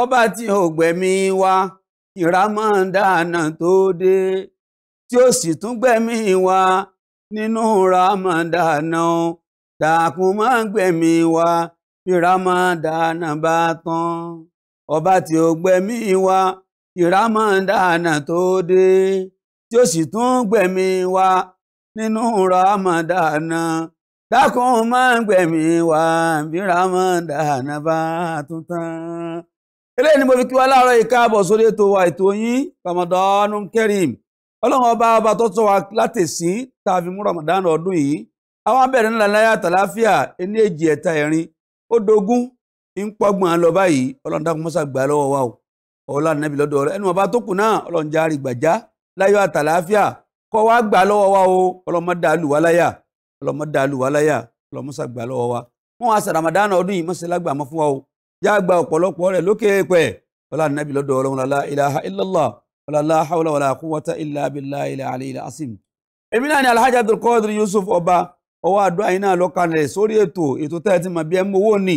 ọba tí ò gbẹ̀mí wa kí ramadana tó dé tí ó sì tún gbẹ̀mí wa nínú ramadana o dàkún má gbẹ̀mí wa kí ramadana bá tán ọba tí ò gbẹ̀mí wa kí ramadana tó dé tí ó sì tún gbẹ̀mí wa nínú ramadana dákun má gbẹ̀mí wa bí ramadana bá tún tán. eléyìí ni mo fi kí wa láàárọ̀ yìí káàbọ̀ sórí ètò wa ètò yín Ramadan Kareem ọlọ́run ọba ọba tó tọ́ wa látẹ̀sí tá a fi mú Ramadan ọdún yìí àwọn abẹ́rẹ́ ńlá láyà tàláfíà ẹni èjì ẹ̀ta ẹ̀rin ó dogún ń pọ́gbọ̀n lọ báyìí ọlọ́run dákun mọ́sá gbà lọ́wọ́ wa o ọ̀la nàbí lọ́dọ̀ rẹ ẹnu ọba tó kù náà ọlọ́run já rí gbàjá láyọ̀ àtàláfíà kọ́ wa gbà lọ́wọ́ wa o ọlọ́mọdà lùwáláyà ọlọ́mọdà lùwáláyà ọlọ́mọsá gbà lọ́wọ́ yá gba ọ̀pọ̀lọpọ̀ rẹ̀ lókè pẹ̀ ọlá nàbí lọ́dọ̀ ọlọ́run la ilaha illallah wala la hawla wala quwwata illa billahi ilà àlè ilà asim. èmi náà ni alhaji abdulkadir yusuf ọba ọwọ́ àdúrà yìí náà lọ́kàn rẹ̀ sórí ètò ètò tẹ́ ẹ ti mọ̀ bí ẹ mọ owó ni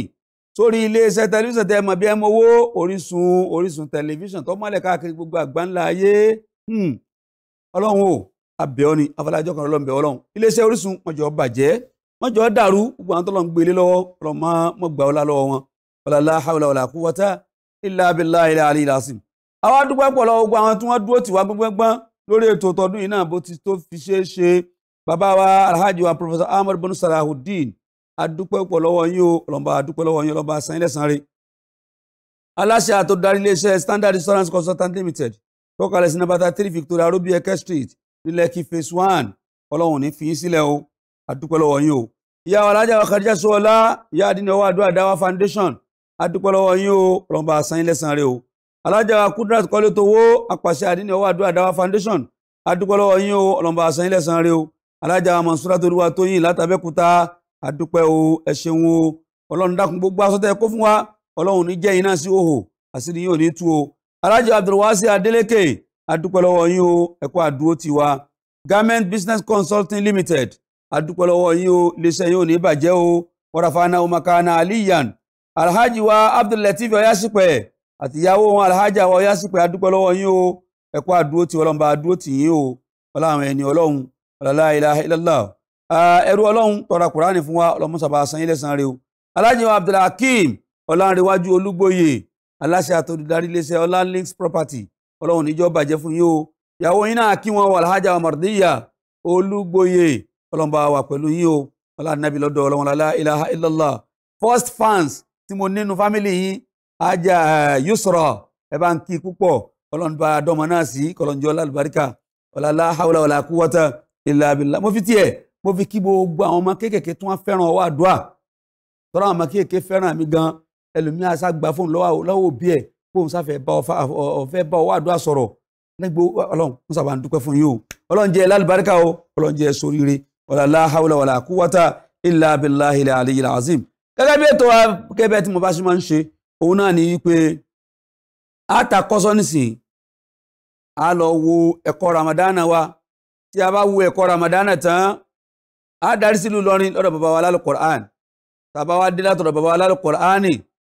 sórí iléeṣẹ́ tẹlifíṣàn tẹ́ ẹ mọ̀ bí ẹ mọ owó orísun orísun tẹlifíṣàn tó mọ́lẹ̀ káàkiri gbogbo àgbáńlá ayé hmm. ọlọ́run o abẹ́ ọ ni afọlájọ́ wala la hawla wala quwwata illa billahi al-ali al-azim àwọn adúpẹ́ pọ̀ lọ́wọ́ gbogbo àwọn tí wọ́n dúró tiwa gbẹ́gbẹ́gbọ́n lórí ètò tọdún yìí náà bó ti tó fi ṣeé ṣe bàbá wa alhaji wa professor ahmed bin salahuddin adúpẹ́ pọ̀ lọ́wọ́ yín o ọlọ́mọba adúpẹ́ lọ́wọ́ yín ọlọ́mọba san ilẹ̀sán rẹ̀ aláṣẹ àtòdarí iléeṣẹ́ standard insurance consultant limited tọ́kalẹ̀ sí nàbàtà three victoria robi eke street ní Lekki phase one ọlọ́run ní fi yín sílẹ̀ o adúpẹ́ lọ́wọ́ yín o ìyá wa alájà wa kàdíjà sọ́ọ́lá ìyá àdínní ọwọ́ àdúrà dáwà foundation adúpẹ́ lọ́wọ́ yín o ọlọ́mọba àsán yín lẹ́sàn-án rẹ o alájà Kudrat kọ́lé towó apàṣẹ àdínní ọwọ́ àdúrà dáwà foundation adúpẹ́ lọ́wọ́ yín o ọlọ́mọba àsán lẹ́sàn rẹ o alájà Mansura toríwa tóyìn látàbẹ́kúta adúpẹ́ o ẹ ṣeun o ọlọ́run dákun gbogbo asọ́tẹ́ kó fún wa ọlọ́run ní jẹ́ yín sí òhò àṣírí yín ò ní tú o alájà Abdulwasi Adeleke adúpẹ́ lọ́wọ́ yín o ẹ kú àdúró ti wa Garment Business Consulting Limited adúpẹ́ lọ́wọ́ yín o iléeṣẹ́ yín ò ní bàjẹ́ o wọ́n rà fana omakana aliyan alhaji wa abdullateef ọyásípẹ àtìyàwó wọn alhaji wa ọyásípẹ adúpẹ́ lọ́wọ́ yín o ẹ kú àdúró tí Ọlọ́run bá àdúró tì yín o Ọlọ́run ẹni Ọlọ́run la ilaha illallah ẹrú Ọlọ́run tọrọ kùránì fún wa ọlọmọsàbà sanyín lẹsàn rẹ o alhaji wa abdulhakeem ọlánrewájú olúgbòye aláṣẹ àtòdìdarí iléeṣẹ́ ọlánlinks property Ọlọ́run níjọ bàjẹ́ fún yín o ìyàwó yín náà kí wọn wà alhaji wa mardiya olúgbòye Ọlọ́run bá wà pẹ̀lú yín o ọlá nàbí lọ́dọ̀ Ọlọ́run la ilaha illallah first fans tí mo nínú fámìlì yín ajá yusra ẹ bá ń kí púpọ̀ ọlọ́run bá dọ́mọ náà sí kọlọ́njọ́ lálùbáríkà ọ̀làlá hawla wàlà quwwata illa billah mo fi tiẹ̀ mo fi kí gbogbo àwọn ọmọ kéékèèké tí wọ́n fẹ́ràn ọwọ́ àdúrà tọ́lá àwọn ọmọ kéékèèké fẹ́ràn mi gan ẹlòmíà sá gba fóun lọ́wọ́ òbí ẹ̀ fóun sáfẹ́ bá ọfẹ́ bá ọwọ́ àdúrà sọ̀rọ̀ lẹ́gbẹ́ ọlọ́run mo sábà ń dúpẹ́ fún yín o ọlọ́run jẹ́ lálùbáríkà o ọlọ́run jẹ́ soríire ọ̀làlá hawla wàlà quwwata illa billahi al-aliyyil azim gẹ́gẹ́ bí ètò akẹ́bẹ́ tí mo bá ṣe ń ṣe òun náà ni wípé àtàkọ́sọ́ nísìn a lọ wo ẹ̀kọ́ ramadana wa tí a bá wo ẹ̀kọ́ ramadana tán a darí sílùú lọrin lọ́dọ̀ bàbá wa lálẹ́ Qur'an tàbá wa dé látọ̀dọ̀ bàbá wa lálẹ́ Qur'an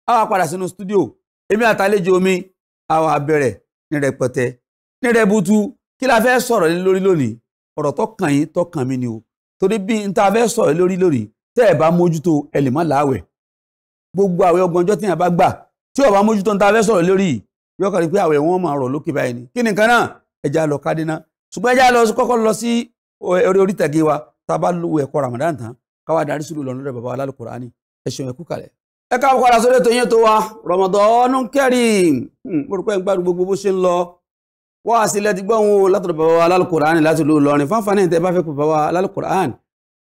a wà padà sínú stúdíò èmi àtàlejò mi a wà bẹ̀rẹ̀ ní rẹpẹtẹ ní rẹbutu kí la fẹ́ sọ̀rọ̀ lórí lónìí ọ̀rọ̀ tó kàn yín tó kàn ni o torí bí n ta fẹ́ sọ̀rọ̀ lórí lónìí tẹ́ ẹ̀ bá mójútó ẹ lè má láàwẹ̀ gbogbo àwẹ̀ ọgbọ̀njọ́ tí yẹn bá gbà tí ọba mójútó ń ta fẹ́ sọ̀rọ̀ lórí yìí yọkàn pé àwẹ̀ wọn máa rọ̀ lókè báyìí ni kí ni nǹkan náà ẹja lọ kádínà ṣùgbọ́n ẹja lọ kọ́kọ́ lọ sí orí oríìtage wa tá a bá lu ẹ̀kọ́ Ramadan tán káwa darí sílùú lọ́nà lọ́dọ̀ bàbá alálùkùránì ẹ ṣeun ẹ kú kalẹ̀. ẹ káàbọ̀ padà sórí ètò yẹn tó wa Ramadan Kareem hmm, mo rò pé ń gbádùn gbogbo bó ṣe ń lọ wá sílẹ̀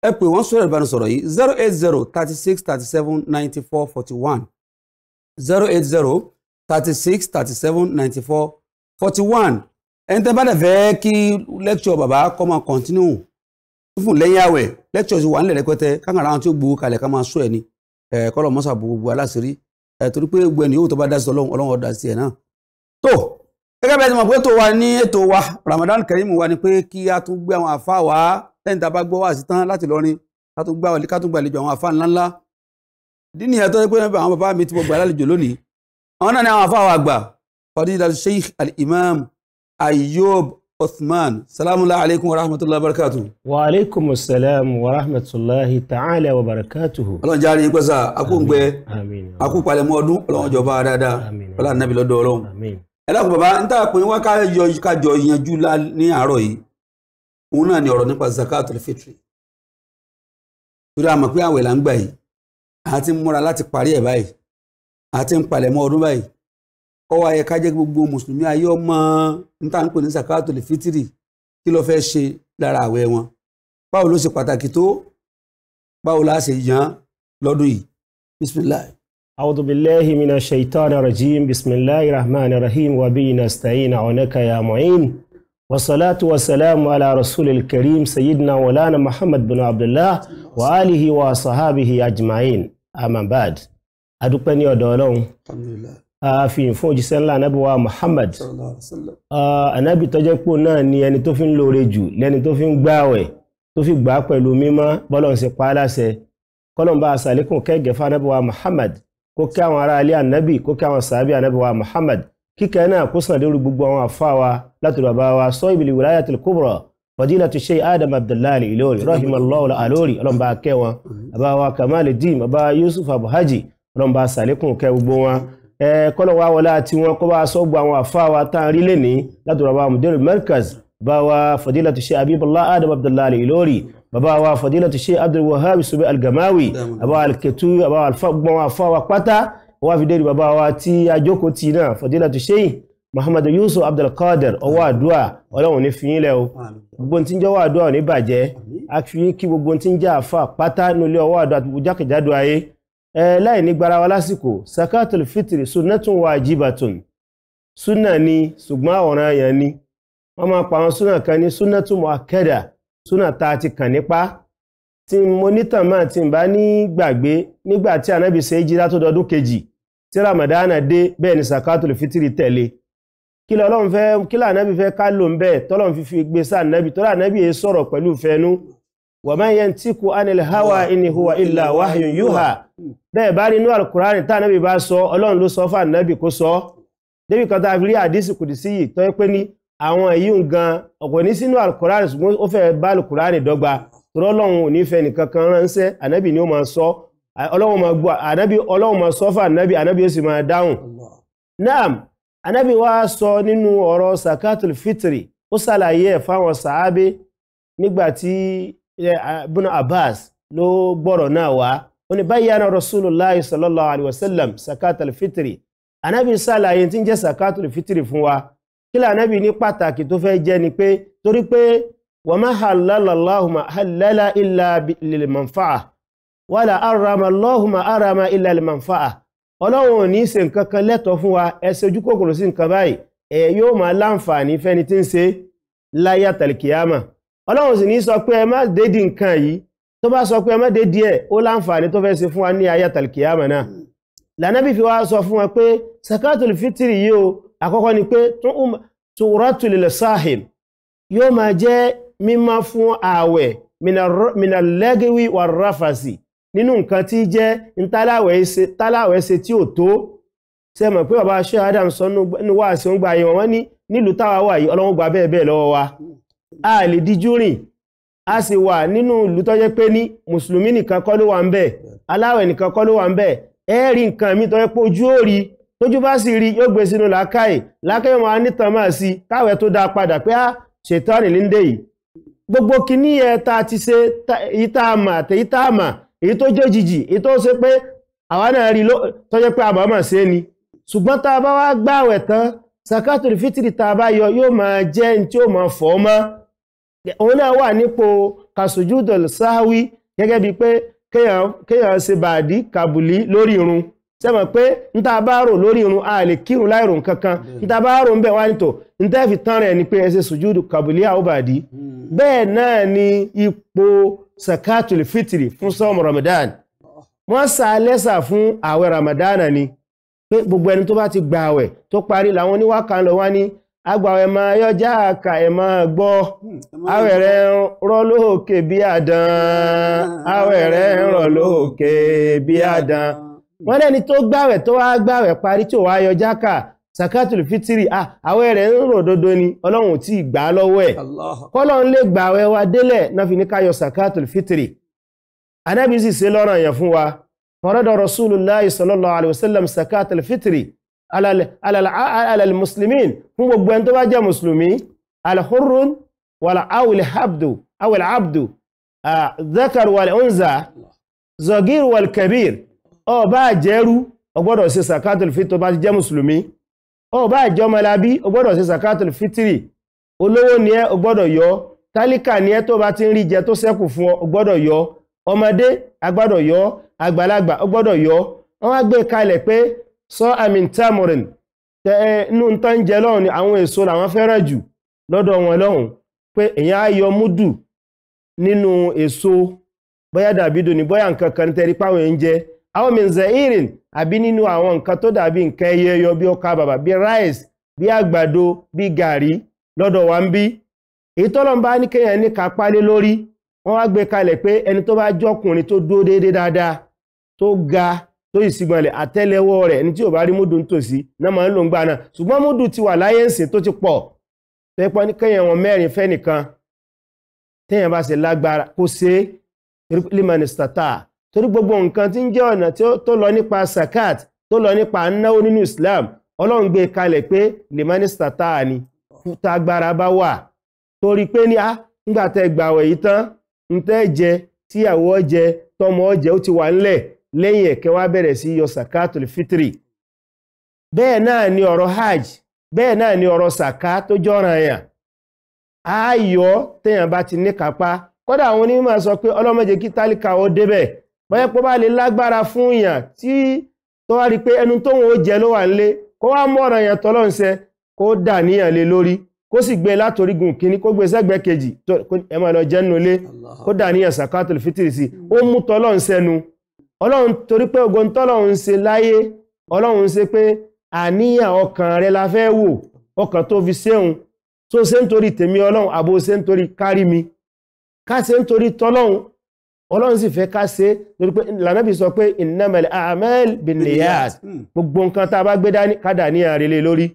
ẹ pè wọ́n sọ̀rọ̀ ìbánisọ̀rọ̀ yìí zero eight zero thirty six thirty seven ninety four forty one zero eight zero thirty six thirty seven ninety four forty one ẹni tẹ́ bá dẹ̀ fẹ́ kí lecture bàbá kọ́ máa continue fífún lẹ́yìn àwẹ̀ lecture ti wà nílẹ̀ rẹpẹtẹ káńkàrà àwọn tí ó gbowó kalẹ̀ ká máa sọ ẹ̀ ni kọ́lọ̀ mọ́sà gbogbo aláṣírí torí pé gbogbo ẹni yóò tó bá dá sí ọlọ́run ọlọ́run ọ̀dà sí ẹ̀ náà tó gẹ́gẹ́ bí ẹ ti mọ̀ pé ètò wa ní ètò wa Ramadan Kareem wa ni pé kí a tún gbé àwọn àfa wa lẹ́yìn tá a bá gbọ́ wá sí tán láti lọrin ká ká tún gbàlejò àwọn àfa ńláńlá ìdí nìyẹn tó yẹ pé àwọn bàbá mi ti gbọ́ gbà lálejò lónìí àwọn náà ni àwọn àfa àwọn àgbà fadilatu sheikh al-imam ayub othman salamu alaykum wa rahmatulahi wa barakatuhu. wa alaykum salam wa rahmatulahi ta'ala wa barakatuhu. ọlọ́run jẹ́ àárín pẹ́sà akóńgbẹ akópalẹ̀mọ́ ọdún ọlọ́run jọba dáadáa ọlọ́run nàbí lọ́dọ̀ ẹ dákun bàbá ń tà pé wákàjọ ìyànjú ní àárọ̀ yìí òun náà ni ọ̀rọ̀ nípa zakatul fitri torí a mọ̀ pé àwẹ̀ là ń gbà yìí a ti ń múra láti parí ẹ̀ báyìí a ti ń palẹ̀ mọ́ ọdún báyìí ó wá yẹ ká jẹ́ gbogbo mùsùlùmí ayé ọmọ níta ń pè ní zakatul fitri kí ló fẹ́ ṣe lára àwẹ̀ wọn báwo ló ṣe pàtàkì tó báwo la ṣe yàn lọ́dún yìí bisimilayi. أعوذ بالله من الشيطان الرجيم بسم الله الرحمن الرحيم وبه نستعين عونك يا معين والصلاة والسلام على رسول الكريم سيدنا ولانا محمد بن عبد الله وآله وصحابه أجمعين أما بعد adúpẹ́ ní ọ̀dọ̀ ọlọ́run a fi ìfún òjíṣẹ́ ńlá anábì wa muhammad anábì tó jẹ́ pò náà ni ẹni tó fi ń lóore jù lẹ́ni tó fi ń gbààwẹ̀ tó fi gbà á pẹ̀lú mímọ́ bọ́lọ̀n sí pa á kẹ́gẹ́ fún anábì wa muhammad kó kẹ́ àwọn ará anábì kó kẹ́ àwọn sàábì anábì wa muhammad kíkẹ́ náà kó sàn lórí gbogbo àwọn àfáwa látọ̀dọ̀ bàbá wa sọ ìbìlì wilayatul kubra fadilatu sheikh adam abdullahi ilori rahimallahu alori ọlọ́mba akẹ́wọn bàbá wa kamaluddin bàbá yusuf abuhaji ọlọ́mba sàlékùn kẹ́ gbogbo wọn kọ́lọ̀ wa wọlé àti wọn kọ́ bá sọ gbogbo àwọn àfáwa tá a rí lẹ́ni látọ̀dọ̀ bàbá mudir merkaz bàbá wa fadilatu sheikh abibullah adam abdullahi ilori bàbá wa fadilatu sheikh abdulwahab subi algamawi bàbá alketu bàbá alfa gbogbo àwọn àfáwa pátá wọ́n fi dérí bàbá wa tí ajókòó ti náà fadilatu sheikh muhammadu yusuf abdulkader ọwọ́ àdúà ọlọ́run ní fi yínlẹ̀ o gbogbo tí ń jẹ́ ọwọ́ àdúà ò ní bàjẹ́ a fi kí gbogbo tí ń jẹ́ àfa pátá nílé ọwọ́ àdúà àti jákèjádò ayé láì ní gbara wa lásìkò sakatul fitri sunnatun wajibatun sunna ni ṣùgbọ́n àwòrán yẹn ni wọ́n máa pa àwọn sunna kan ní sunnatun muakkada sunna ta ti kàn nípa tí mo máa ti bá ní gbàgbé nígbà tí anábìsẹ́ jíra tó dọdún kejì tí ramadana dé bẹ́ẹ̀ ni sakatul fitiri tẹ̀lé kí lọ́lọ́run fẹ́ kí lànàbí fẹ́ ká lò ń bẹ́ẹ̀ tọ́lọ́run fífi gbé sànàbí tọ́lá ànàbí yẹn sọ̀rọ̀ pẹ̀lú fẹnu wa man yantiku anil hawa in huwa illa wahyun yuha bẹ́ẹ̀ bá rí inú alukurani tá ànàbí bá sọ ọlọ́run ló sọ fún ànàbí kó sọ débi kan tá a fi rí àdísì kùdìsí yìí tọ́ pé ní àwọn èyí ń gan ọ̀pọ̀ ní sínú alukurani ṣùgbọ́n ó fẹ́ bá alukurani dọ́gba tọ́lọ́run ò ní fẹ́ nìkan kan ránṣẹ́ ànàbí ni ó máa sọ ọlọ́run ma gbọ́ ànábì ọlọ́run ma sọ fún ànábì ànábì ó sì ma dáhùn naam ànábì wá sọ nínú ọ̀rọ̀ zakatul fitri ó ṣàlàyé ẹ̀ fáwọn sàábé nígbàtí ibn abbas ló gbọ́rọ̀ náà wá ó ní bayyana rasulullah sallallahu alaihi wasallam zakatul fitri ànábì ṣàlàyé tí ń jẹ́ zakatul fitri fún wa kí lè ànábì ní pàtàkì tó fẹ́ jẹ́ ni pé torí pé wa ma halala Allahu wala arama lọ́hùnmá arama ilẹ̀ almanfa'a ọlọ́run ò ní ṣe nǹkan kan lẹ́tọ̀ fún wa ẹ ṣe ojú kòkòrò sí nǹkan báyìí ẹ yóò máa láǹfààní fẹ́ni tí ń ṣe láyà tàlìkìyàmà ọlọ́run sì ní sọ pé ẹ má dédi nǹkan yìí tó bá sọ pé ẹ má dédi ẹ ó láǹfààní tó fẹ́ ṣe fún wa ní ayà tàlìkìyàmà náà hmm. lànàbí fi wá sọ fún wa pé sakatul yìí nínú nǹkan tí jẹ́ ntálàwẹ̀ ṣe tí ò tó ṣe mọ̀ pé bàbá ṣe adam sọ nínú wà sí ń gba ayé ní nílùú táwa wà yìí ọlọ́run gba bẹ́ẹ̀ bẹ́ẹ̀ lọ́wọ́ wa a lè díjú rìn a sì wà nínú ìlú tó jẹ́ pé ní mùsùlùmí nìkan kọ́ ló wà ń bẹ̀ aláwẹ̀ nìkan kọ́ ló wà ń bẹ̀ ẹ rí nǹkan mi tó jẹ́ pé ojú ò rí tójú bá sì rí yóò gbé sínú làákàyè làákàyè wọn á nítàn máa sí káwẹ̀ tó dáa padà pé a ah, ṣètọ́ nílé ń dé yìí gbogbo kíní ẹ̀ ta ti ṣe ìta àmà àtẹ̀yíta àmà èyí tó jẹ́ jìjì èyí tó ṣe pé àwa náà rí tó jẹ́ pé àmọ́mọ̀ sí ni ṣùgbọ́n tá a bá wá gbààwẹ̀ tán sakatul fitri tá a bá yọ yóò máa jẹ́ tí ó máa fọ́ mọ́ òun náà wà nípò kasujudul sahwi gẹ́gẹ́ bíi pé kéèyàn ṣe bàdí kàbùlí lórí irun sẹ́mọ̀ pé ń tá a bá rò irun a le kírun láìrò kankan ń tá a bá rò ń bẹ̀ wá nítò ń tẹ́ fi tán rẹ̀ ni pé ẹsẹ̀ sùjúdù kàbùlí àwòbàdí hmm. bẹ́ẹ̀ náà ni ipò sakatul fitri fún sọ́ọ̀mù Ramadan wọ́n sà lẹ́sà fún àwẹ̀ Ramadan ni pé gbogbo ẹni tó bá ti gba àwẹ̀ tó parí làwọn oníwákan lọ wá awe agbàwẹ̀ máa yọjá àkà ẹ̀ máa gbọ́ hmm, àwẹ̀ rẹ̀ rọ́ lóòkè bí àdán hmm, àwẹ̀ rẹ̀ rọ́ lóòkè bí àdán Hmm. wọ́n lẹ́ni tó gbàwẹ̀ tó wá gbàwẹ̀ parí tí ò wá yọ jákà sakatul fitiri ah àwẹ̀ rẹ̀ ń rò dodo ni ọlọ́run tí gbà á lọ́wọ́ ẹ̀ kọ́lọ́run lè gbàwẹ̀ wa délẹ̀ náà fi ní ká yọ sakatul fitiri anábì sì ṣe lọ́rọ̀ yẹn fún wa fọ́rọ́dọ̀ rasulullah sallallahu alayhi wa sallam sakatul fitiri alal muslimin fún gbogbo ẹni tó bá jẹ́ mùsùlùmí alhurun wàlá awil abdu zakar wal unza zogir wal kabir ọba àjẹ́rú ọgbọ́dọ̀ ṣe sàkátùl fitri tó bá ti jẹ́ mùsùlùmí ọba àjọmọlábí ọgbọ́dọ̀ ṣe sàkátùl fitri olówó ni ẹ́ ọgbọ́dọ̀ yọ tálíkà ni ẹ́ tó bá ti ń rí jẹ tó ṣẹ́kù fún ọ ọgbọ́dọ̀ yọ ọmọdé agbọ́dọ̀ yọ àgbàlagbà ọgbọ́dọ̀ yọ wọ́n wá gbé kalẹ̀ pé sọ amin tamurin tẹ inú ń tán jẹ lọ́hùn ni àwọn èso làwọn fẹ́ràn jù lọ́dọ̀ wọn lọ́hùn pé èèyàn á yọ múdù nínú èso bóyá dàbídò ní bóyá nǹkan kan tẹrí páwọn ń àwọn mìíràn àbí nínú àwọn nǹkan tó dàbí nǹkan ẹyẹyọ bí ọkà bàbà bí rice bí àgbàdo bí gàrí lọ́dọ̀ wa ń bí èyí tọ́lọ́n bá ní kéèyàn ní kápá lé lórí wọ́n wá gbé kalẹ̀ pé ẹni tó bá jọkùnrin tó dúró déédé dáadáa tó ga tó ìsìgbọ̀nlẹ̀ àtẹ́lẹwọ́ rẹ̀ ẹni tí ò bá rí múdù ń tòsí náà máa ń lò ń gbà náà ṣùgbọ́n múdù ti wà láyé ǹsìn tó ti pọ̀ tẹ́pọ́ ní kéèyàn wọn mẹ́rin fẹ́ nìkan téèyàn bá ṣe lágbára kó ṣe é limani stata torí gbogbo nǹkan tí ń jẹ́ ọ̀nà tó lọ nípa sakat tó lọ nípa náwó nínú Islam ọlọ́run gbé e kalẹ̀ pé limanista táà ni tagbára bá wà torí pé ní a nígbà tẹ gbàwẹ̀ yìí tán ń tẹ́ jẹ tíyàwó jẹ tọmọ jẹ ó ti wà ńlẹ̀ lẹ́yìn ẹ̀kẹ́ wá bẹ̀rẹ̀ sí yọ zakatul fitri bẹ́ẹ̀ náà ni ọ̀rọ̀ hajj bẹ́ẹ̀ náà ni ọ̀rọ̀ sàká tó jọ́ràn yàn á yọ téèyàn bá ti ní kápá kódà àwọn onímọ̀ sọ pé ọlọ́mọdé kí tálíkà ó débẹ̀ bóyá pọ́ bá lè lágbára fún èèyàn tí tó wá rí pé ẹnu tóun ó jẹ ló wà nílé kó wá mú ọ̀ràn yẹn tọ́lọ́ ṣe kó dà níyàn lé lórí kó sì gbé e látorígun kìíní kó gbé e sẹ́gbẹ́ kejì la fẹ́ wò ọkàn tó fi ṣéun tó ṣe ń torí tèmi ọlọ́run àbò ṣe ń torí kárí mi ká ṣe ń torí tọ́lọ́run ọlọ́run sì fẹ́ ká ṣe torí pé lànàbì sọ pé innamal a'mal binniyat hmm. gbogbo nǹkan tá a bá gbé dání kádà ní àrèlé lórí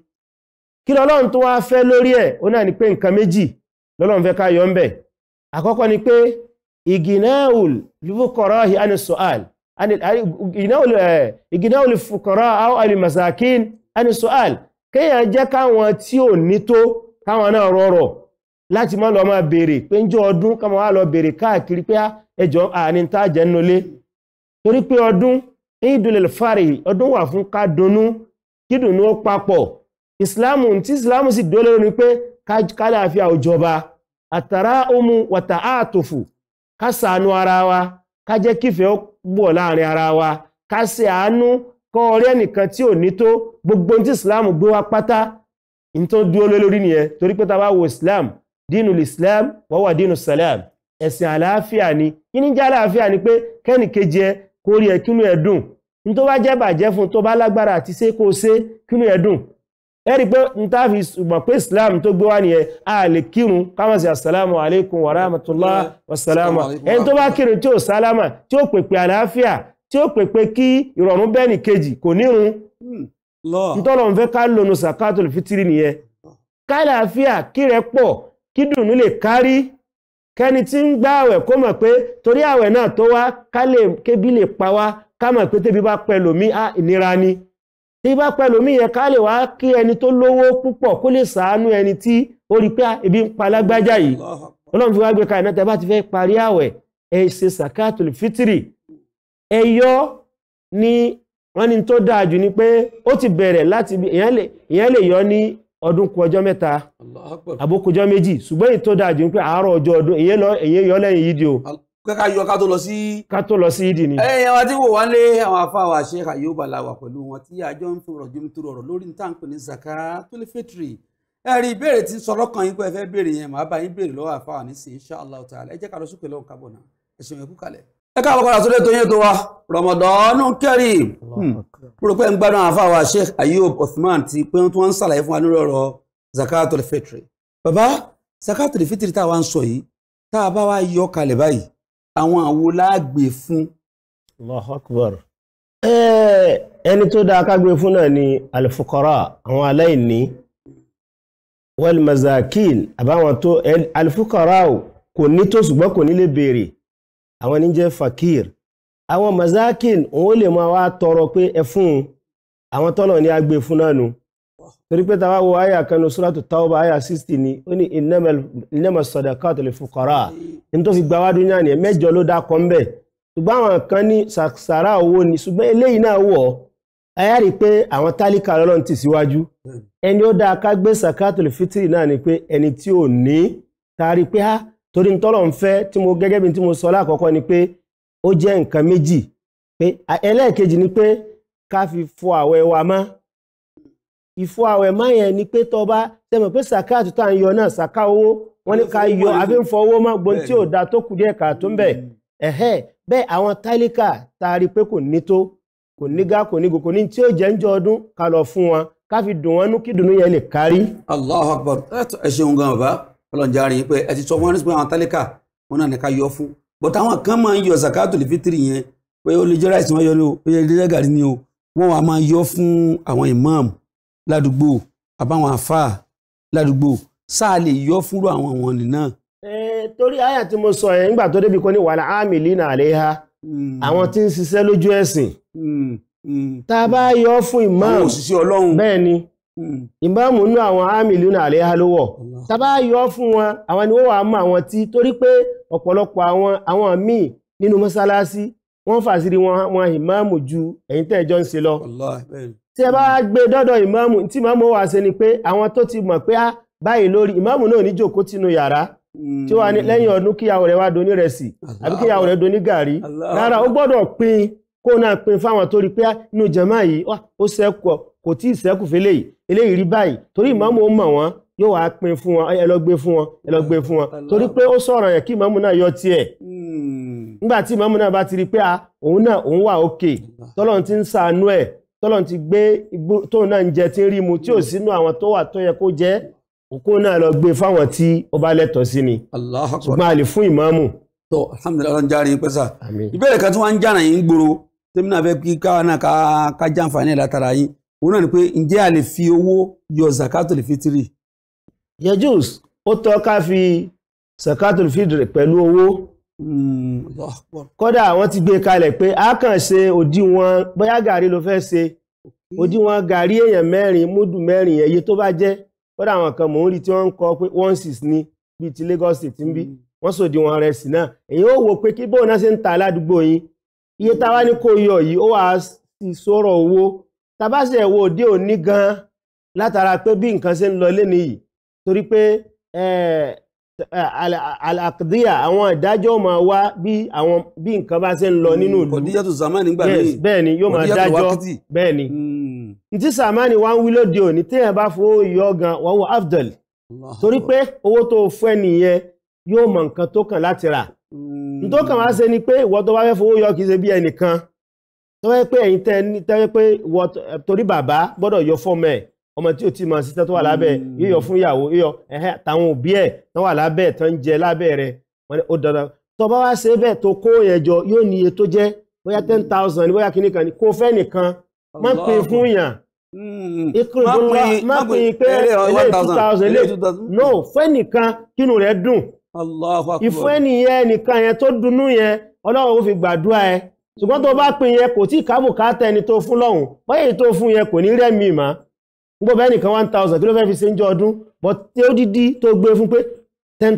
kí lọ́lọ́run tó wá fẹ́ lórí ẹ̀ ó náà ni pé nǹkan méjì lọ́lọ́run fẹ́ ká yọ ń bẹ̀ àkọ́kọ́ ni pé iginaul fukarahi ani su'al iginaul su'al kéèyàn jẹ́ káwọn tí ò ní tó káwọn náà rọrọ̀ láti má lọ máa béèrè pé ń jọ ọdún ká máa wá lọ béèrè káàkiri pé ah, ẹjọ́ àní tá jẹ́ ń nulẹ̀ torí pé ọdún ìdúlẹ̀ fàárì ọdún wà fún ká dunnú kí dùnú ó papọ̀ ìsìláàmù tí ìsìláàmù sì dólé lórí pé kálàáfíà ó jọba àtàrà òmu wàtà àtòfù ká ṣàánú ara wa ká jẹ́ kífẹ́ ó bọ̀ láàrin ara wa dínú islam wọ́wà dínú salam ẹ̀sìn àlàáfíà ni kí ní jẹ́ àlàáfíà ni pé kẹ́nìkejì ẹ kó rí ẹ kínú ẹ dùn ní tó bá jẹ́ bàjẹ́ fún tó bá lágbára àti ṣe kó ṣe kínú ẹ dùn ẹ rí pé n ta fi mọ̀ pé islam tó gbé wá nìyẹn a lè kírun kámọ̀sí asalaamu alaykum wa rahmatulah wa salama ẹni tó bá kí ìrọ̀rùn hmm. pọ̀ kí dùnú lè kárí kẹ́ni tí ń gba àwẹ̀ kó mọ̀ pé torí àwẹ̀ náà tó wá ká lè kébí lè pa wá ká mọ̀ pé tébi bá pẹ lòmí á ìnira ni tébi bá pẹ lòmí yẹn ká lè wá kí ẹni tó lówó púpọ̀ kó lè sàánú ẹni tí ó rí pé ebi ń pa lágbájá yìí ọlọ́run fi ni pé ó ti bẹ̀rẹ̀ láti ìyẹn lè yọ ọdún kù ọjọ́ mẹ́ta àbókùjọ́ méjì ṣùgbọ́n èyí tó dáa jù ń pé àárọ̀ ọjọ́ ọdún èyí lọ èyí yọ lẹ́yìn yídi o. ká yọ ká tó lọ sí. ká tó lọ sí yídi ni. ẹ ẹ wa ti wò wá lé àwọn afáwà Sheikh Ayuba la wà pẹ̀lú wọn tí àjọ ń fi ọ̀rọ̀ jómi tó rọrọ̀ lórí níta ń pè ní zakatul fitri. ẹ rí ìbéèrè tí sọ̀rọ̀ kan yín pé ẹ fẹ́ béèrè yẹn màá bá yín béèrè lọ́wọ́ àfáwà nísìnyí insha Allah ta'ala ẹ jẹ́ ká lọ sókè lọ́hùn kábọ̀ náà ẹ kalẹ̀ ẹ káàbọ̀ padà sórí ètò yín tó wa Ramadan Kareem hmm. mo rò pé ń gbádùn àwọn afáwà Sheikh Ayub Othman ti pé tí wọ́n ń ṣàlàyé fún wa nínú ọ̀rọ̀ zakatul fitri bàbá zakatul fitri tá a wá ń sọ yìí tá a bá wá yọ kalẹ̀ báyìí àwọn àwo fún. Akbar ẹni tó dáa kágbé fún náà ni alifukara àwọn aláìní wal mazakin àbáwọn tó alifukara kò ní tó ṣùgbọ́n kò ní lè béèrè àwọn ní jẹ́ fakir àwọn mazakin òun lè máa wá tọrọ pé ẹ fún àwọn tọ́lọ̀ ní agbè fún náà nu torí pé tàwa wo àyà kanu suratu tauba àyà 60 ni ó ní innama sadaqatu lil fuqara ní tó fi gba wá dúnyà ni mẹ́jọ ló dákọ ń bẹ̀ ṣùgbọ́n àwọn kan ní sàrà owó ni ṣùgbọ́n eléyìí náà wọ̀ ẹ̀yà rí pé àwọn tálíkà lọ́lọ́run ti síwájú ẹni ó dáa ká gbé sàkátù lil fitri náà ni pé ẹni tí ò ní tá rí pé á ah, torí ntọ́lọ̀ ń fẹ́ tí mo gẹ́gẹ́ bí tí mo sọ lákọ̀ọ́kọ́ ni pé ó jẹ́ nǹkan méjì pé ẹlẹ́ẹ̀kejì ni pé ká fi fọ àwẹ̀ wa mọ́ ìfọ àwẹ̀ mọ́ yẹn ni pé tọba tẹmọ̀ pé sàká àtúntà ń yọ náà sàká owó wọn ní ká yọ àfi ń fọ owó mọ́ gbọ́n tí ò da tó kù díẹ̀ kà tó ń bẹ̀ ẹ̀hẹ́ bẹ́ẹ̀ àwọn tálákà tá a rí pé kò ní tó kò ní ga kò ní go ní tí ó jẹ́ ń jọ ọdún ká lọ fún wọn ká fi dùn wọn nú kí dùnú yẹn lè kárí. Allahu Akbar ẹ ṣeun gan ọba ọlọ́njà rìn pé ẹ ti sọ wọ́n rí pé àwọn tálíkà wọn náà ní ká yọ fún but àwọn kan máa ń yọ zakato lè fitiri yẹn pé ó lè jẹ́ ráìsì wọn yọ ní o ó yẹ lè gàrí ní o wọ́n wàá máa yọ fún àwọn imam ládùúgbò àbáwọn àfáà ládùúgbò sáà lè yọ fúnrú àwọn wọn nìna. torí àyà tí mo sọ yẹn nígbà tó débi kan ní wàhálà áàmì lina àléhà hmm. àwọn tí ń ṣiṣẹ́ lójú ẹ̀sìn hmm. Hmm. tá a bá yọ fún imam bẹ́ẹ̀ ni Hmm. ìbámu nú àwọn amìlúnà àléhà ló wọ̀ tàbá yọ fún wọn àwọn ni wọ́n wà mọ́ àwọn tí torí pé ọ̀pọ̀lọpọ̀ àwọn àwọn míì nínú mọ́sálásí wọ́n fàṣírí wọn ìmáàmù ju ẹ̀yin tẹ́ jọ ń ṣe lọ tí ẹ bá gbé dọ́dọ̀ ìmáàmù tí ìmáàmù wà ṣe ni pé àwọn tó ti mọ̀ pé ah, báyìí lórí ìmáàmù náà ní jòkó tinú yàrá hmm. tí wà ní lẹ́yìn ọdún kíyàwó rẹ̀ wá doní rẹ̀ sí àbí kíyàwó rẹ̀ doní gàrí rárá ó gbọ́dọ̀ pín kó náà pín fáwọn tó rí pé ah, inú jàmáà yìí ó ṣẹ́kọ̀ọ́ kò tí ì sẹ́kù fẹ́lẹ́ yìí eléyìí rí báyìí torí ìmáàmù ó mọ̀ wọ́n yóò wá pín fún wọn ẹ fún wọn ẹ fún wọn torí pé ó sọ̀rọ̀ yẹn kí ìmáàmù náà yọ tiẹ̀ hmm. nígbà tí ìmáàmù náà bá ti rí pé ah, òun náà òun wà òkè tọ́lọ́run ti ń ẹ̀ tọ́lọ́run ti gbé tóun náà ń jẹ rí mu tí ò sínú àwọn tó wà tó yẹ kó jẹ́ òkú náà lọ gbé fáwọn tí ó bá ni ṣùgbọ́n a lè alhamdulilayi pẹ́sà òun náà ni pé ǹjẹ́ a lè fi owó yọ zakatul fitiri. yejus ó tọ́ ká fi zakatul fitiri pẹ̀lú owó hmm, kódà wọ́n ti gbé kalẹ̀ pé a kàn ṣe òdiwọ̀n bóyá gàrí ló fẹ́ ṣe òdiwọ̀n gàrí èèyàn mẹ́rin múdù mẹ́rin ẹ̀yẹ tó bá jẹ́ kódà àwọn kan mò ń rí tí wọ́n ń kọ pé one six ni bíi ti Lagos State ń bí hmm. wọ́n sòdiwọ̀n rẹ̀ sí náà èyí ó wò pé kí bóun náà ṣe ń ta aládùúgbò yín iye táwa ní kò yọ yìí ó wàá sí sọ̀rọ̀ owó tabasẹ̀ wo òde òní gan látara pé bí nǹkan ṣe ń lọ lẹ́nu yìí torí pé àlàkìdíyà àwọn ìdájọ́ máa wá bí àwọn bí nǹkan bá ṣe ń lọ nínú ìlú hmm, kòdíjà tó sàmánì gbà mí bẹ́ẹ̀ ni yóò máa dájọ́ bẹ́ẹ̀ ni hmm. ntí sàmánì wá ń wí lóde òní téèyàn bá fowó yọ gan wọ́n wọ afdal torí pé owó tó fẹ́ nìyẹn yóò mọ nǹkan tó kàn láti rà hmm. ntó wá ṣe ni pé ìwọ tó bá fẹ́ fowó yọ kì í ṣe bí ẹnìkan tó yẹ pé ẹ̀yin tẹ́ tẹ́ yẹ pé wọ torí bàbá gbọ́dọ̀ yọ fọ́mọ ẹ̀ ọmọ tí o tí máa ṣiṣẹ́ tó wà lábẹ́ yíyọ fún ìyàwó yíyọ ẹ̀hẹ́ táwọn òbí ẹ̀ tó wà lábẹ́ tó ń jẹ lábẹ́ rẹ̀ wọ́n ó dandan tó bá wá ṣe bẹ́ẹ̀ tó kó yẹn jọ yóò ní iye tó jẹ́ bóyá ten thousand ni bóyá kìíní kan ni kó fẹ́ nìkan má pè fún yàn ìkúròdúnlá hmm. má pè pé ilé two thousand ilé no fẹ́ nìkan kínú rẹ̀ dùn ìfẹ́ nìyẹn nìkan yẹn tó dunnú yẹn Ọlọ́run ó fi gbàdúrà ẹ̀ ṣùgbọ́n tó bá pin yẹn kò tí kábùkátà ẹni tó fún lọ́hùn bóyá tó fún yẹn kò ní rẹ́mi mà ń gbọ́ nìkan one kí ló fẹ́ fi ṣe ń jọ ọdún bọ́ tí ó dídí tó gbé fún pé ten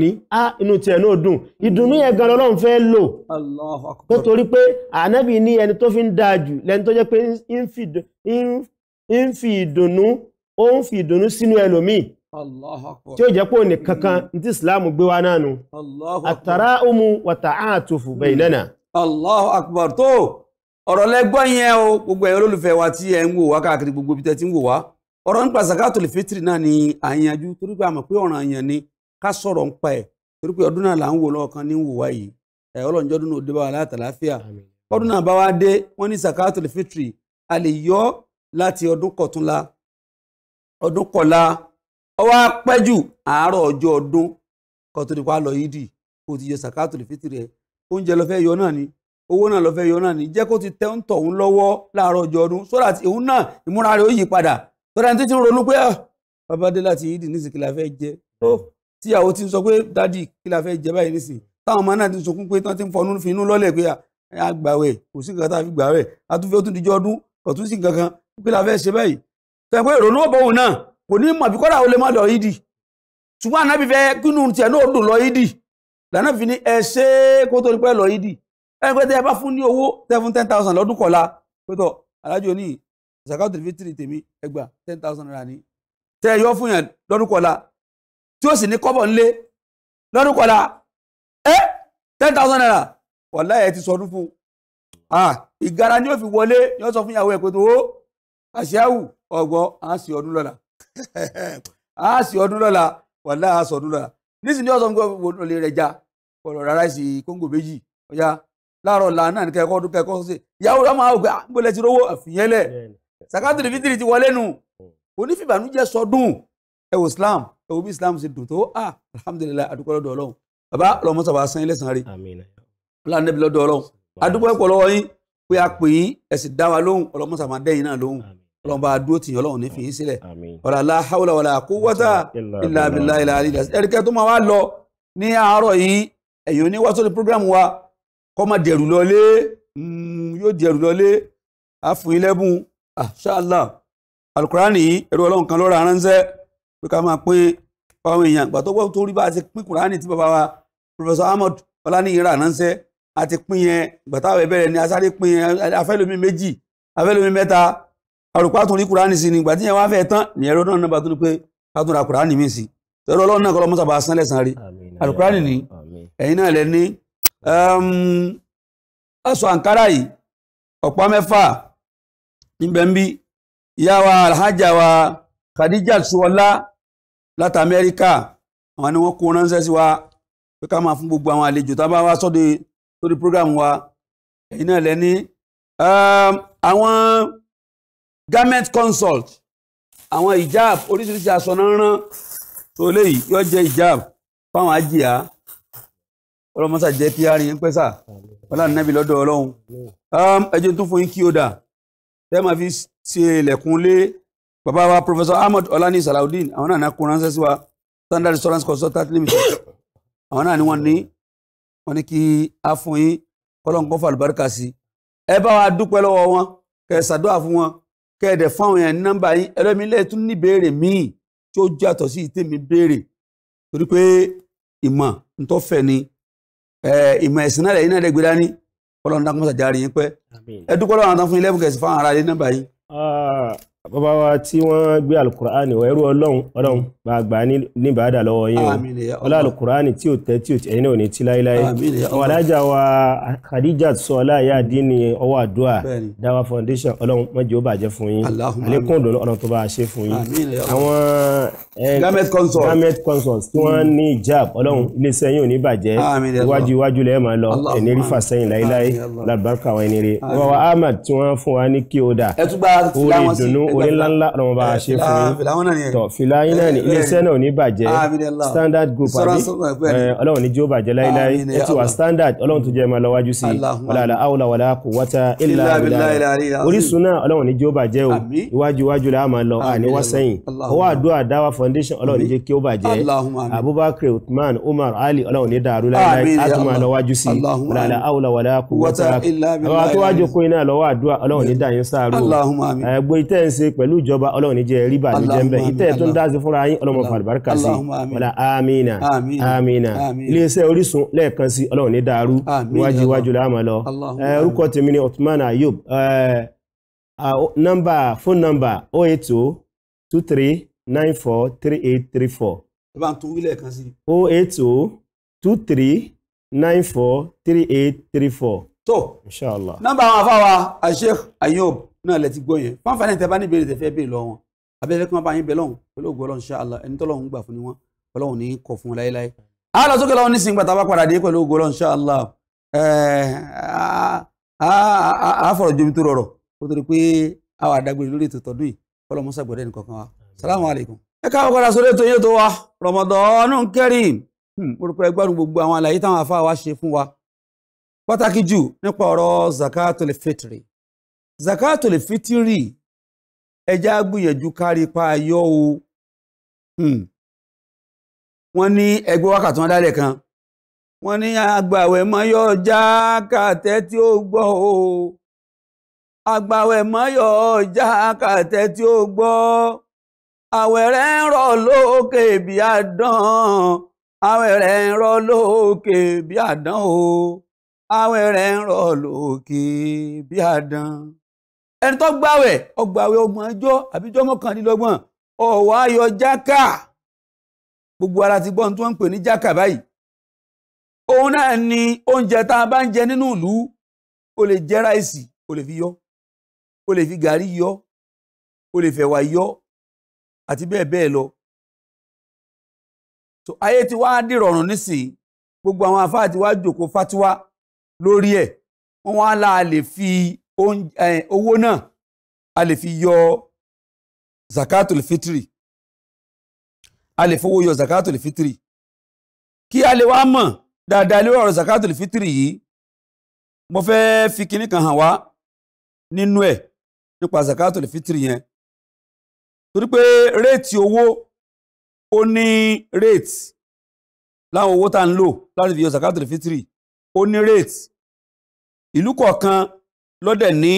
ní á inú tiẹ̀ náà dùn ìdùnnú yẹn gan lọ́rùn fẹ́ lò tó torí pé ànábì ní ẹni tó fi ń da jù lẹ́ni tó jẹ́ pé ń fi ìdùnnú ó ń fi ìdùnnú sínú ẹlòmíì tí ó jẹ́ pé òní kankan ní ti Islam gbé wa náà nu àtàrà òmu wàtà àtòfù bainana. Allahu Akbar tó ọ̀rọ̀ lẹ́gbọ́n yẹn o gbogbo ẹ̀yin olólùfẹ́ wa tí ẹ̀ ń wò wá gbogbo ibi ti ń wò wá ọ̀rọ̀ nípa zakatul fitri náà ni àyànjú torí pé a pé ọ̀ràn yẹn ni ká sọ̀rọ̀ nípa ẹ̀ torí pé ọdún náà là ń wò lọ́ọ̀kan ní ń wò wa ọdún náà bá wa dé wọ́n ní a lè yọ láti ọdún kọ̀túnla ọdún kọ̀la ọwọ́ àárọ̀ ọjọ́ ọdún lọ yídì ti yọ fitiri. oúnjẹ lọ fẹ́ yọ náà ni owó náà lọ fẹ́ yọ náà ni jẹ́ kó ti tẹ́ ń tọ̀ òun lọ́wọ́ láàárọ̀ ọjọ́ ọdún so that òun náà ìmúra rẹ̀ ó yí padà tọ́lá ní títí ronú pé ah, bàbá dé láti yídì nísìn kí la fẹ́ jẹ tó tíyàwó ti sọ pé dádì kí la fẹ́ jẹ báyìí nísìn táwọn ọmọ náà ti sunkún pé tán ti ń fọnú finú lọ́lẹ̀ pé àgbàwẹ̀ ah, kò sí nǹkan tá a fi gbàwẹ̀ àtúnfẹ́ ó tún dijọ́ ọdún kò tún sí nǹkan kan kí la fẹ́ ṣe báyìí tó yẹ pé ìrònú lànà fi ní ẹ ṣe é kó tó ní pẹ́ lọ yìí dì ẹni pé tẹ́ ẹ bá fún ní owó tẹ́ fún ten thousand lọ́dún kọ̀la pẹ́tọ̀ alájọ ní zakat fitiri tèmi ẹgbà ten thousand naira ni tẹ́ ẹ yọ fún yàn lọ́dún kọ̀la tí ó sì ní kọ́bọ̀ ńlé lọ́dún Eh. ẹ ten thousand naira wàlá ẹ ti sọdún fún ìgara ni ó fi wọlé ni ó sọ fún ìyàwó ẹ pé tó o àṣìáwù ọgbọ́n á sì ọdún lọ́la á sì ọdún lọ́la wàlá á sọ nísìnyí ọ̀sán kó wo lè rẹ̀ já ọ̀rọ̀ rárá sí kóńgò méjì ọ̀yá láàárọ̀ là náà ní kẹ́kọ́ ọdún kẹ́kọ́ ṣe ìyàwó rẹ̀ máa gbé àgbélẹ̀ ti rówó àfìyẹ́lẹ̀ sàkátìrì fìtìrì ti wọlé nu onífìbànújẹ́ hmm. sọdún ẹ wò Islam ẹ wò bí Islam ṣe dùn tó ah alhamdulilayi adúgbò lọ́dọ̀ Ọlọ́run bàbá ọlọmọ sábà sàn ilé sàn rí ọlọ́run níbi lọ́dọ̀ Ọlọ́run adúgbò ẹ̀pọ̀ lọ́wọ́ yín pé a pè yín ẹ sì dá wa lóhùn ọlọmọ sábà dẹ́yìn náà lóhùn ọlọ́run bá dúró tìyàn ọlọ́run ní fìyín sílẹ̀ ọ̀rọ̀ aláhàwọ̀lá wàlá kú wọ́tà ìlàbìlà ìlà àlìdà ẹ̀ríkẹ́ tó máa wá lọ ní àárọ̀ yìí ẹ̀yìn oní wọ́tò ní program wa kọ́ máa dẹ̀rù lọlé hmm, yóò dẹ̀rù lọlé àfùyín lẹ́bùn àṣàlà alukurani yìí ẹ̀rọ ọlọ́run kan lọ́ra aránṣẹ́ pé ká máa pín fáwọn èèyàn gbà tó gbọ́ tó rí bá a ti pín kurani tí bàbá wa Professor Ahmad Ọlánìyí rà a ti pín yẹn gbàtà àròpá tún rí kúránì sí ni ìgbà tí yẹn wá fẹ́ tán ní ẹ̀rọ náà nàbà tó ní pé ká tún ra kúránì míì sí ẹ̀rọ ọlọ́run náà kọ́ lọ́mọ́sà bá sán lẹ́sàn rí àlùkúránì ni ẹ̀yin náà lẹ ní um, aṣọ àǹkárá yìí ọ̀pá mẹ́fà níbẹ̀ ń bí ìyá wa alhaja wa khadija suwọlá láti amẹ́ríkà àwọn ni wọ́n kó ránṣẹ́ sí wa pé ká máa fún gbogbo àwọn àlejò tá a bá wá sọ́dọ̀ sórí program wa ẹ̀yin náà lẹ ní um, àwọn. Um, garment consult àwọn hijab oríṣiríṣi aṣọ náà rán tó léyìí yóò jẹ hijab fáwọn àjìyà ọlọmọsà jẹ pr yẹn pẹsà ọlọ́run nẹbi lọ́dọ̀ ọlọ́run um, ẹjẹ tó fún yín kí o dà tẹ máa fi ṣe ilẹ̀kùn lé bàbá wa professor ahmed ọlani salawudeen àwọn náà kó ránṣẹ́ sí wa standard insurance consultant limited àwọn náà ni wọ́n ní wọ́n ní kí a fún yín kọlọǹkọ fàlùbáríkà sí ẹ bá wa dúpẹ́ lọ́wọ́ wọn kẹ fún wọn kẹ́ẹ̀dẹ̀ fáwọn yẹn nọ́mbà yín ẹlẹ́mìílẹ̀ tún ní béèrè míì tí ó jàtọ̀ sí ìtẹ̀mí béèrè torí pé ìmọ̀ ntọ́fẹ̀ ni ìmọ̀ ẹ̀sìn náà lẹ́yìn náà lẹ́gbẹ̀ẹ́ dání ọlọ́run dákúmọ̀sà járe pẹ́ ẹ dúpọ́ lọ́wọ́ àwọn bàbá wa tí wọ́n gbé alukur'ani ẹrú ọlọ́run ọlọ́run bá gbà á ní ìbádà lọ́wọ́ yín o ọlá alukur'ani tí ò tẹ́ tí ò tẹ́ ẹ̀yin náà ò ní tí láéláé àwọn alájà wa Khadija sọ ọláyà dín ní ọwọ́ àdúrà dáwà foundation ọlọ́run má jẹ́ ó bàjẹ́ fún yín àlékún ìdùnnú ọlọ́run tó bá a ṣe fún yín àwọn gamet consuls tí wọ́n ní ìjàb ọlọ́run mm. iléeṣẹ́ yín ò ní bàjẹ́ iwájú iwájú lẹ́ẹ̀ máa lọ ẹ̀ní rí fàsẹ́yìn láéláé làbárkà wa ẹni rè bàbá wa Ahmad tí wọ́n fún o dà orí ìdùnnú orí ńláńlá ọlọ́mọ bá a ṣe fún yín eh, tọ́ fìlà yín náà ní eh, eh, iléeṣẹ́ náà ò ní bàjẹ́ standard group àbí ọlọ́run ní jó bàjẹ́ láíláí ẹ ti wà standard ọlọ́run tó jẹ́ máa lọ wájú sí i wàlá àwòlà wàlá kò wáta ilà orísun náà ọlọ́run ní jó bàjẹ́ o iwájú iwájú la máa lọ àní wá sẹ́yìn ọwọ́ àdúrà dáwà foundation ọlọ́run ní jẹ́ kí ó bàjẹ́ abubakar uthman umar ali ọlọ́run ní dàrú láíláí á máa lọ sí i àwòlà wàlá kò wáta àwọn àtúwájú ṣe pẹ̀lú ìjọba ọlọ́run ní jẹ́ rí bàjẹ́ ń ìtẹ́ tó ń dá fúnra yín ọlọ́run fàdí sí wàlá amina amina iléeṣẹ́ orísun lẹ́ẹ̀kan sí ọlọ́run ní dàrú níwájú iwájú láàmà lọ orúkọ tèmi ni Othman Ayub nọ́mbà fóònù nọ́mbà 080 23 94 3834. ẹ bá ń tún wílẹ̀ kan sí. 23 94 3834 náà lẹ ti gbọ́ yẹn fáfáyé tẹ bá ní ìbéèrè tẹ fẹ́ béèrè lọ́wọ́ wọn abẹ́fẹ́ kí wọ́n bá yín bẹ̀ lọ́hùn pẹ̀lú ògùn ọlọ́run ṣá àlà ẹni tọ́lọ́hùn gbà fún ni wọ́n ọlọ́run ní kọ̀ fún láéláé. a lọ sókè lọ́wọ́ nísìnyí gbàtà bá padà dé pẹ̀lú ògùn ọlọ́run ṣá eh, a fọ̀rọ̀ jomi tó rọrọ̀ kó tó pé a wà dágbére lórí ètò tọdún yìí kọ́lọ́ mọ́sá gbọ́dọ̀ ẹnì hmm, wa pàtàkì jù nípa ọ̀rọ̀ zakatul fitri zakato lè fitiri ẹja gbìyànjú kárí pa yọ o hmm. wọ́n ní ẹgbẹ́ wákàtí wọn dálẹ̀ kan wọ́n ní agbàwẹ̀ mọ́ yọ jákàtẹ́ tí ó gbọ́ o agbàwẹ̀ mọ́ yọ jákàtẹ́ tí ó gbọ́ àwẹ̀ ń rọ̀ lókè bí àdán àwẹ̀ ń rọ̀ lókè bí àdán o àwẹ̀ ń rọ̀ lókè bí àdán ẹni tó gbàwẹ̀ ọgbàwẹ̀ ọgbọ̀n ọjọ́ àbíjọ́ mọ́kànlélọ́gbọ̀n ọ̀wọ́ ayọ̀ jákà gbogbo ara ti gbọ́n tó ń pè ní jákà báyìí òun náà ni oúnjẹ tá a bá ń jẹ nínú ìlú o lè jẹ ráìsì o lè fi yọ o lè fi gàrí yọ o lè fẹ̀wà yọ àti bẹ́ẹ̀ bẹ́ẹ̀ lọ so ayé ti wá dìrọ̀rùn nísìnyí gbogbo àwọn afáà ti wá jòkó fatiwa lórí ẹ̀ wọ́n wá láà fi owó náà a lè fi yọ zakatul fitri a lè fowó yọ zakatul fitri kí a lè wá mọ̀ dáadáa lórí ọ̀rọ̀ zakatul fitri yìí mo fẹ́ fi kinní kan hàn wá nínú ẹ̀ nípa zakatul fitri yẹn torí pé réètì owó ó ní réètì láwọn owó tá ń lò láti fi yọ zakatul fitri ó ní réètì ìlú kọ̀ọ̀kan lọ́dẹ̀ ní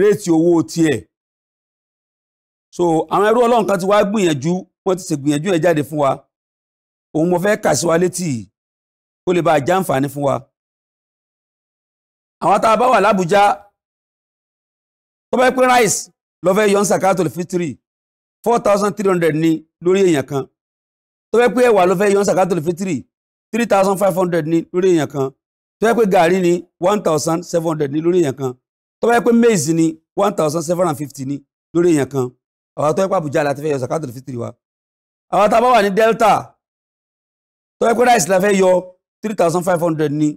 réètì owó tiẹ̀ so àwọn ẹrú ọlọ́run kan ti wá gbìyànjú wọ́n ti ṣègbìyànjú ẹ̀ jáde fún wa òun mo fẹ́ kà sí wa létí kó lè bá a jàǹfààní fún wa àwọn tá a bá wà lábújá tó bá pé rice lọ fẹ́ yọ ń sàkátò fitiri four thousand three hundred ní lórí èèyàn kan tó fẹ́ pé ẹ̀wà ló fẹ́ yọ ń sàkátò fitiri three thousand five hundred ní lórí èèyàn kan tó fẹ́ pé gàrí ní one thousand seven hundred ní lórí èèyàn kan tó bá yẹ pé maize ni one thousand seven hundred fifty ni lórí èèyàn kan àwa tó yẹ pé Àbújá la ti fẹ́ yọ zakatul fitri wa àwa tá a bá wà ní delta tó yẹ pé rice la fẹ́ yọ three thousand five hundred ni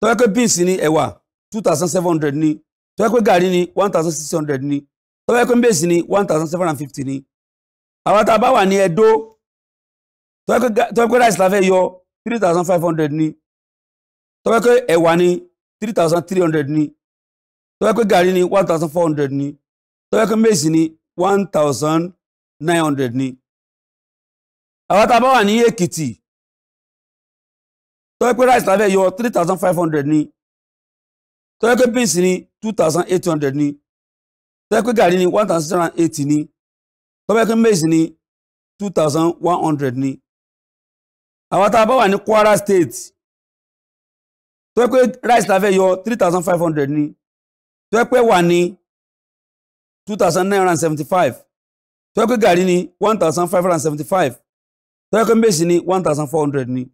tó yẹ pé beans ni ẹ̀wà two thousand seven hundred ni tó yẹ pé gàrí ni one thousand six hundred ni tó yẹ pé maize ni one thousand seven hundred fifty ni àwa tá a bá wà ní Ẹdó tó yẹ pé rice la fẹ́ yọ three thousand five hundred ni tó yẹ pé ẹ̀wà ni three thousand three hundred ni tó yẹ pé gàrí ni one thousand four hundred ni tó yẹ pé mèsì ni one thousand nine hundred ni àwọn tá a bá wà ní Èkìtì tó yẹ pé rice láfẹ́ yọ three thousand five hundred ni tó yẹ pé beans ni two thousand eight hundred ni tó yẹ pé gàrí ni one thousand six hundred and eighty ni tó yẹ pé maize ni two thousand one hundred ni àwọn tá a bá wà ní Kwara State tó yẹ pé rice láfẹ́ yọ three thousand five hundred ni tó yẹ pé wà ní two thousand nine hundred and seventy five tó ní one thousand five ní one thousand four hundred ní.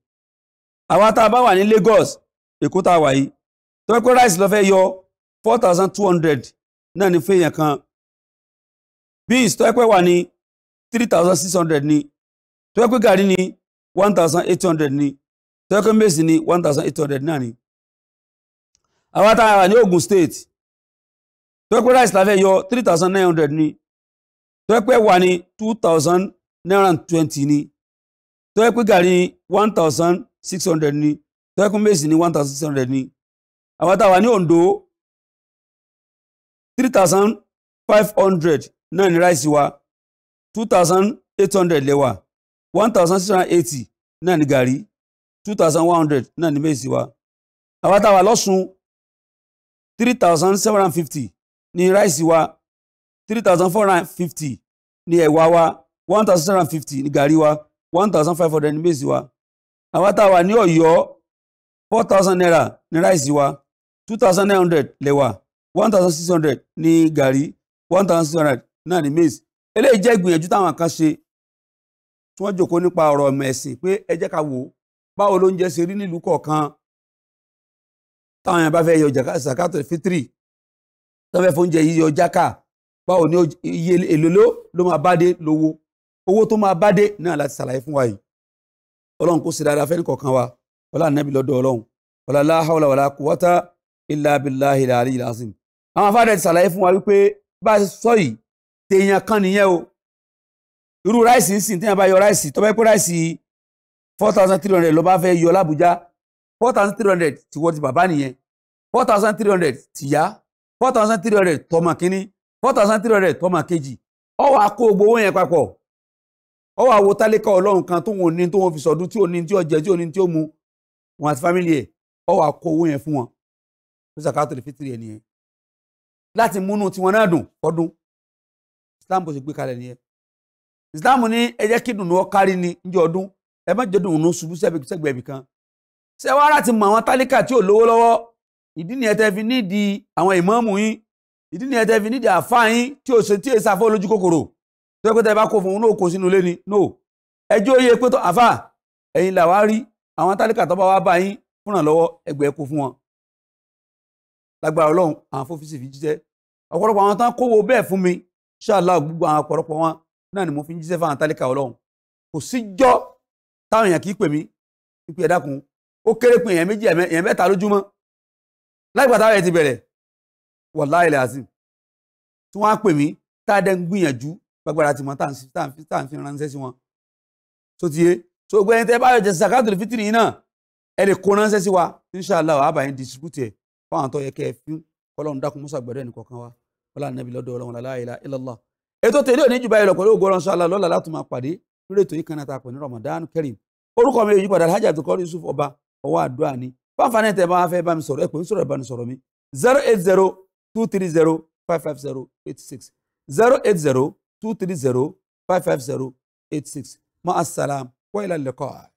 Lagos Èkó tá a wà yìí rice lọ fẹ́ yọ four thousand two náà ní kan beans tó yẹ pé wà ní three thousand six hundred ní tó yẹ pé gàrí ní one tó yẹ pé rice la fẹ́ yọ three thousand nine hundred ni tó yẹ pé ẹ̀wà ni two thousand nine hundred twenty ni tó yẹ pé gàrí one thousand six hundred ni tó yẹ pé maize ni one thousand six hundred ni àwọn táwa ní Ondo three thousand five hundred náà ni rice wa two thousand eight hundred lẹ́wà one thousand six hundred eighty náà ni gàrí two thousand one hundred náà ni maize wa àwọn táwa lọ́sùn three thousand seven hundred fifty ní ráìsì wa three thousand four hundred fifty ní ẹ̀wà wa one thousand seven hundred fifty ní gàrí wa one thousand five hundred ní mèsì wa àwa tá a wà ní Ọ̀yọ́ four thousand naira ní ráìsì wa two thousand nine hundred lẹ́wà one thousand six hundred ní gàrí one thousand six hundred náà ní mèsì eléyìí jẹ́ ìgbìyànjú táwọn kan ṣe tí wọ́n jòkó nípa ọ̀rọ̀ ọmọ ẹ̀sìn pé ẹ jẹ́ ká wò ó báwo ló ń jẹ́ ṣe rí nílùú kọ̀ọ̀kan táwọn yẹn bá fẹ́ yọ zakato fitri tán fẹ́ fóúnjẹ yíyọ jáká báwo ni iye èlò ló máa bá dé lówó owó tó máa bá dé náà láti ṣàlàyé fún wa yìí ọlọ́run kó ṣe dáadáa fẹ́ni kọ̀ọ̀kan wa ọlá nàbí lọ́dọ̀ ọlọ́run ọlá la hawla wala quwwata illa billahi al-aliyyil azim àwọn afáàdẹ ti ṣàlàyé fún wa wípé bá a ṣe sọ yìí tèèyàn kan nìyẹn o irú ráìsì ń sìn téèyàn bá yọ ráìsì tó bá yẹ pé ráìsì four thousand three hundred ló bá fẹ́ yọ lábújá four thousand three hundred ti wọ́n ti bàbá nìyẹn four thousand three hundred ti yá four thousand three hundred tọmọ kínní four thousand three hundred tọmọ kejì ó wá kó gbogbo owó yẹn papọ̀ ó wá wo tálíkà ọlọ́run kan tó wọn ní tó wọn fi sọdún tí ò ní tí ó jẹ tí ò ní tí ó mu wọn àti fámìlì ẹ̀ ó wá kó owó yẹn fún wọn ló sàkátò lè fitiri ẹ̀ nìyẹn láti múnú tiwọn náà dùn kọ́dún Islam bó ṣe gbé kalẹ̀ nìyẹn Islam ní ẹ jẹ́ kí dùnú ọ kárí ni níjọ́ ọdún ẹ má jẹ́ dùnú ṣubú sẹ́gbẹ̀ẹ́ bìkan ṣé wàá láti mọ àwọn tálíkà tí ò lówó lọ́wọ́ ìdí nìyẹn tẹ́ fi nídìí àwọn ìmáàmù yín ìdí nìyẹn tẹ́ fi nídìí àáfàá yín tí ò ṣe tí èsà fún olójú kòkòrò tó yẹ pé tẹ́ bá kó fún òun náà kó sínú ilé ni no ẹjọ́ yẹ pé tó àfà ẹ̀yin làwa rí àwọn tálíkà tó bá wá bá yín fúnra lọ́wọ́ ẹgbẹ́ ẹ̀kọ́ fún wọn lágbára ọlọ́run àwọn fọ́fíìsì fi jíṣẹ́ ọ̀pọ̀lọpọ̀ àwọn tán kówó bẹ́ẹ̀ fún mi ṣáàlá gbogbo ni mo fi ń jíṣẹ́ fáwọn tálíkà ọlọ́run kò síjọ́ táwọn èèyàn kì í pè mí ìpè ẹ̀dákun lágbàtà rẹ̀ ti bẹ̀rẹ̀ wọ̀lá ilẹ̀ azim tí wọ́n á pè mí táàdẹ́ ń gbìyànjú gbàgbára tí mo tá à ń fi ránṣẹ́ sí wọn tó ti yé tó gbé ẹni tẹ́ bá yọ jẹ zakatul fitiri yìí náà ẹ lè kó ránṣẹ́ sí wa inshàlá wa àbàyìn distribute ẹ̀ fún àwọn tó yẹ kẹ́ ẹ fún kọ́lọ́run dákun mọ́sà gbẹ̀rẹ́ ẹnì kọ̀ọ̀kan wa wọ́n láàrin nàbí lọ́dọ̀ ọlọ́run lálá ilá ilọ́lá ètò tèlé òní jùbá ìlọ̀ pẹ̀lú ògbóràn ṣáàlá lọ́la láti máa pàdé lórí ètò yìí kan náà ta pẹ̀lú fáfáàní tẹ bá fẹ́ bá mi sọ̀rọ̀ ẹ pè ń sọ̀rọ̀ ìbáni sọ̀rọ̀ mi zero eight zero two three zero five five zero eight six zero eight zero two three zero five five zero eight six ma asalaam wa ilà liqa.